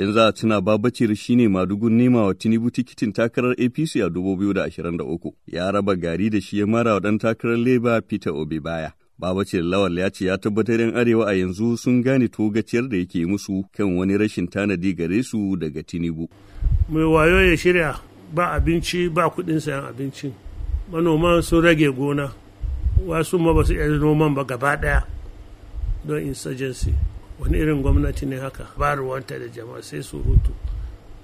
in za a tuna babacir shine madugun nema wa tinubu tikitin takarar apc a 2023 ya raba gari da shi ya mara wa dan takarar labour peter obi baya babacir lawal ya ce ya tabbatar yan arewa a yanzu sun gane togaciyar da yake musu kan wani rashin tanadi gare su daga tinubu mai wayo ya shirya ba abinci ba kuɗin sayan abinci manoman sun rage gona wasu ma ba su iya noman ba gaba ɗaya don insurgency wani irin gwamnati ne haka ba ruwanta da jama'a sai surutu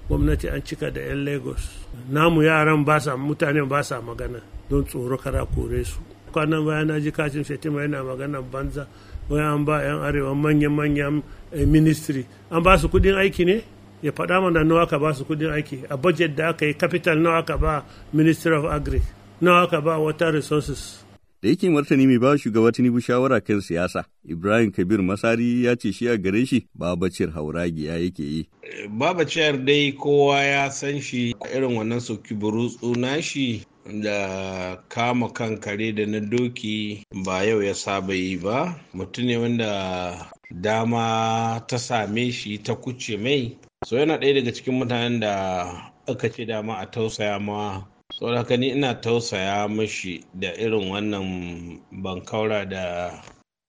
gwamnati an cika da 'yan lagos namu yaran ba sa mutane ba sa magana don tsoro kara kore su kwanan baya na ji kashin fetima yana magana banza wai an ba 'yan arewa manya-manyan eh, ministry an ba su kudin aiki ne ya faɗa mana nawa ka ba su kudin aiki a budget da aka yi capital nawa ka ba ministry of agri nawa ka ba water resources Da yake martani mai ba shugaba Tinubu shawara kan siyasa, Ibrahim Kabir Masari ya ce shi a gare shi babacir hauragiya yake yi. Babacir dai kowa ya san shi irin wannan soki burutsu shi da kama kan kare da na doki ba yau ya saba yi ba mutum ne wanda dama ta same shi ta kuce mai so yana ɗaya daga cikin mutanen da aka ce dama a tausaya ma saboda ni ina tausaya mashi da irin wannan bankaura da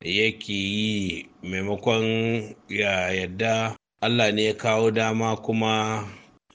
yake yi maimakon ya yadda allah ne ya kawo dama kuma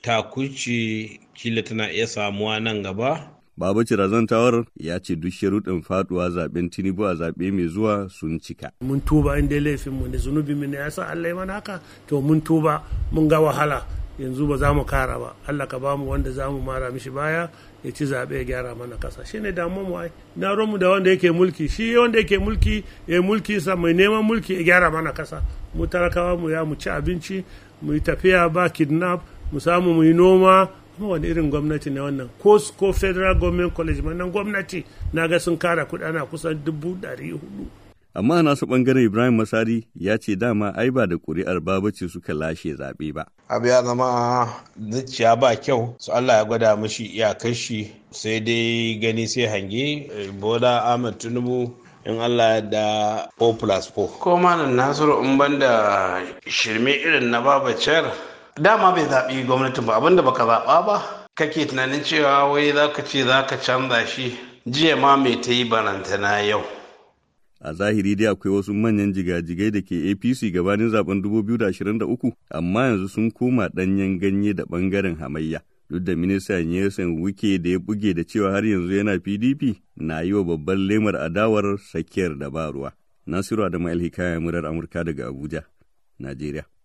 takuci kila tana iya samuwa nan gaba Babu Cirazantawar ya ce duk sharuɗin faɗuwa zaɓen Tinubu a zaɓe mai zuwa sun cika. Mun tuba inda laifin mu ne zunubi mu ne ya sa Allah ya mana haka to mun tuba mun ga wahala yanzu ba za mu kara ba Allah ka bamu wanda za mu mara mishi baya ya ci zaɓe ya gyara mana ƙasa shi ne damuwar mu ai na romu da wanda yake mulki shi wanda yake mulki ya mulki sa mai neman mulki ya gyara mana ƙasa mu talakawa mu ya mu ci abinci mu yi tafiya ba kidnap mu samu mu yi noma kuma wani irin gwamnati ne wannan ko ko federal government college ma nan gwamnati na ga sun kara kuɗi ana kusan dubu ɗari hudu Amma a nasu ɓangaren Ibrahim Masari ya ce dama ai ba da ƙuri'ar ce suka lashe zaɓe ba. Abu ya zama zuciya ba kyau, su Allah ya gwada mashi iyakar shi sai dai gani sai hange Bola Ahmed Tinubu in Allah da o plus 4. Ko malam Nasiru in banda shirme irin na babacar dama bai zaɓi gwamnatin ba abinda baka zaɓa ba kake tunanin cewa wai zaka ce zaka canza shi jiya ma mai ta yi barantana yau. a zahiri dai akwai wasu manyan jigajigai da ke apc gabanin zaben 2023 amma yanzu sun koma danyen ganye da bangaren hamayya duk da ministan yasan wike da ya buge da cewa har yanzu yana pdp na yi wa babban lemar adawar tsakiyar dabaruwa nasiru adamu alhikaya murar amurka daga abuja najeriya